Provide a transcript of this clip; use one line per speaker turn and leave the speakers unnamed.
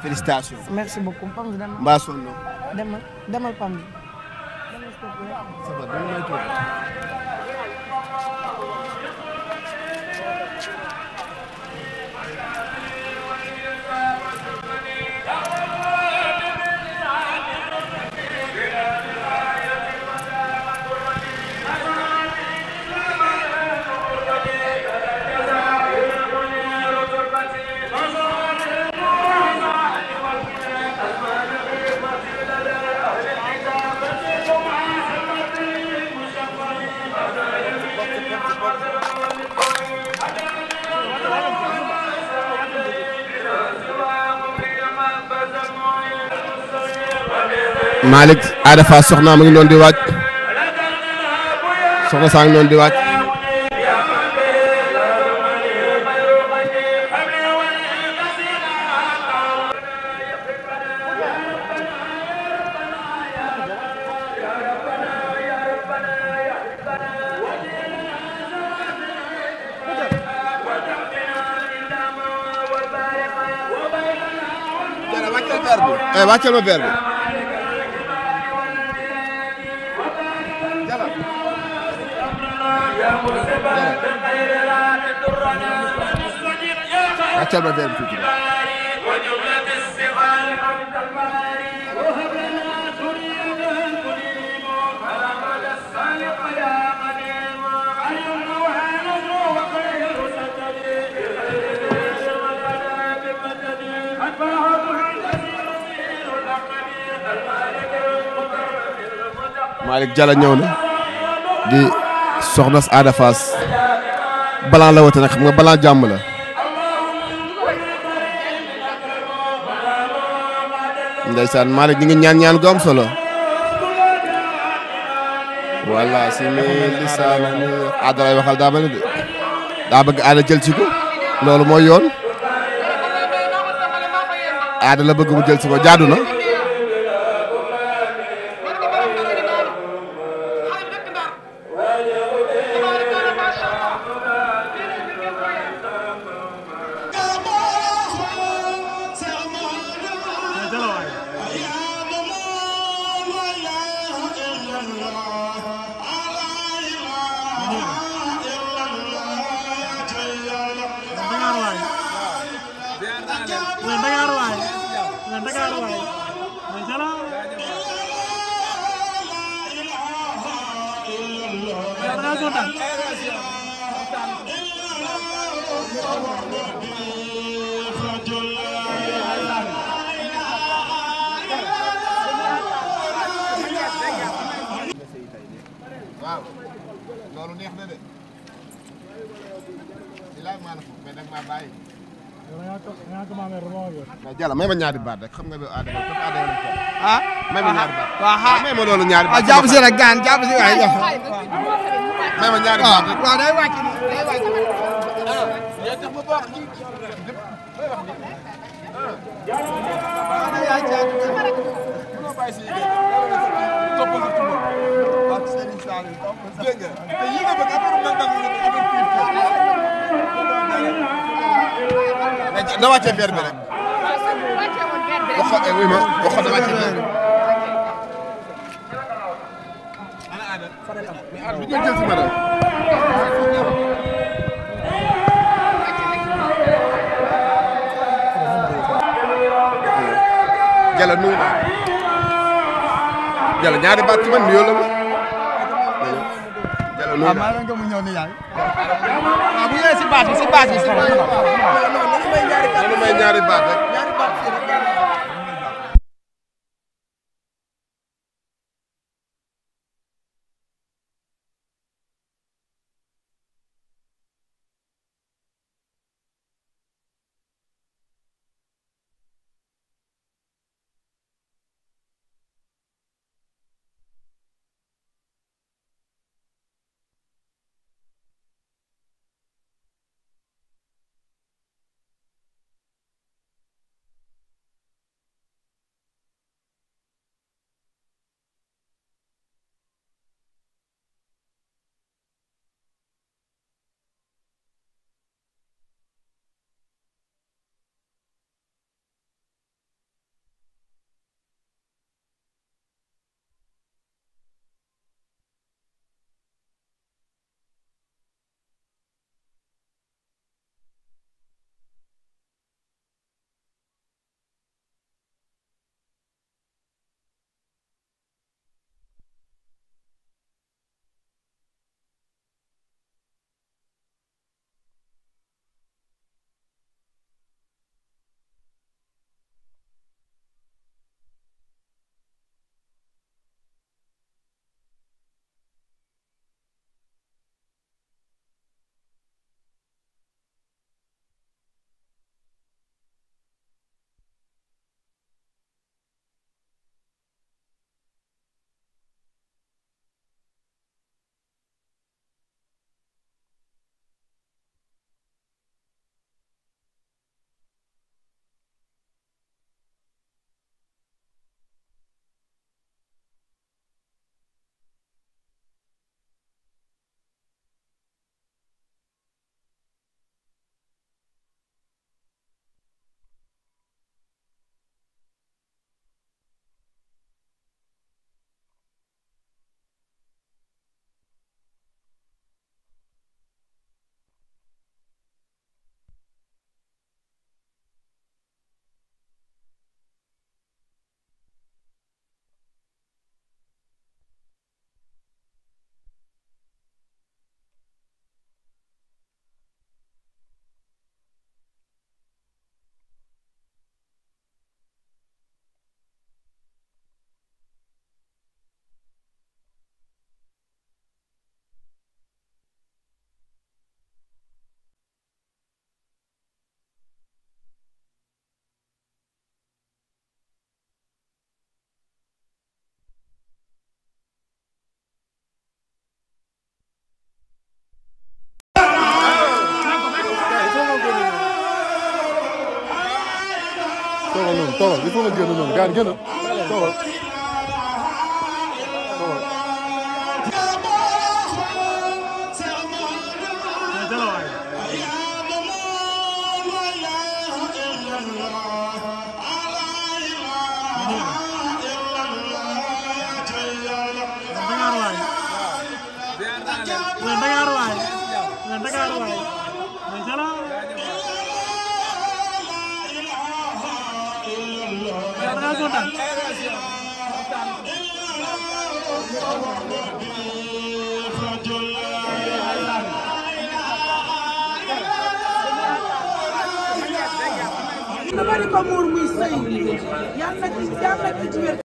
félicitations. merci beaucoup Pam dama mbaa sonn. demal demal Pam. Malick Ada Fass soxna ma ngi noonu di waaj soxna saa ngi noonu di waaj eh, wàccal ma verre bi wàccal ma verbe tuuti Malick Jalla ñëw na di soxna Ada Fass balaa la wote nag xam nga balaa jàmm la ndeysaan Malick ñu ngi ñaan ñaan gu solo walla si mi lisaan aada lay waxal daa mel ni de daa bëgg aada jël loolu mooy yoon aada la bëgg jël si ko jaadu na maa Jalla may ma ñaari baat rek xam nga Adama dafa Adama lañ toll. ah may ma ñaari baat. waaw waaw ah. may ma loolu ñaari baat. ah may ma ñaari baat day wàcc nii ah, dégg nga te yi nga bëgg affaire mel nag affaire na wàccee verre bi rek. waxoon eh, oui ma waxoon na wàccee verre bi. mais Adama bi ñu jël si madame. Jalla nuyu naa Jalla ñaari baat ci man nuyoo la ma waaw maa ngi mu ñëw nii yaay. waaw ah, bu ñëwee si baat bi si baat bi si baat bi. may toogal il faut nga génn noonu gars yi génn toogal bari ko muur muy sëy yàlla na ci yàlla na ci wér